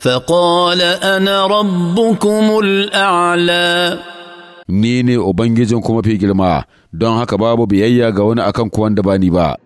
فقال أنا ربكم الأعلى ni ne Ubangijin kuma fi girma, don haka babu biyayya ga wani akan kuwan da ba ni ba.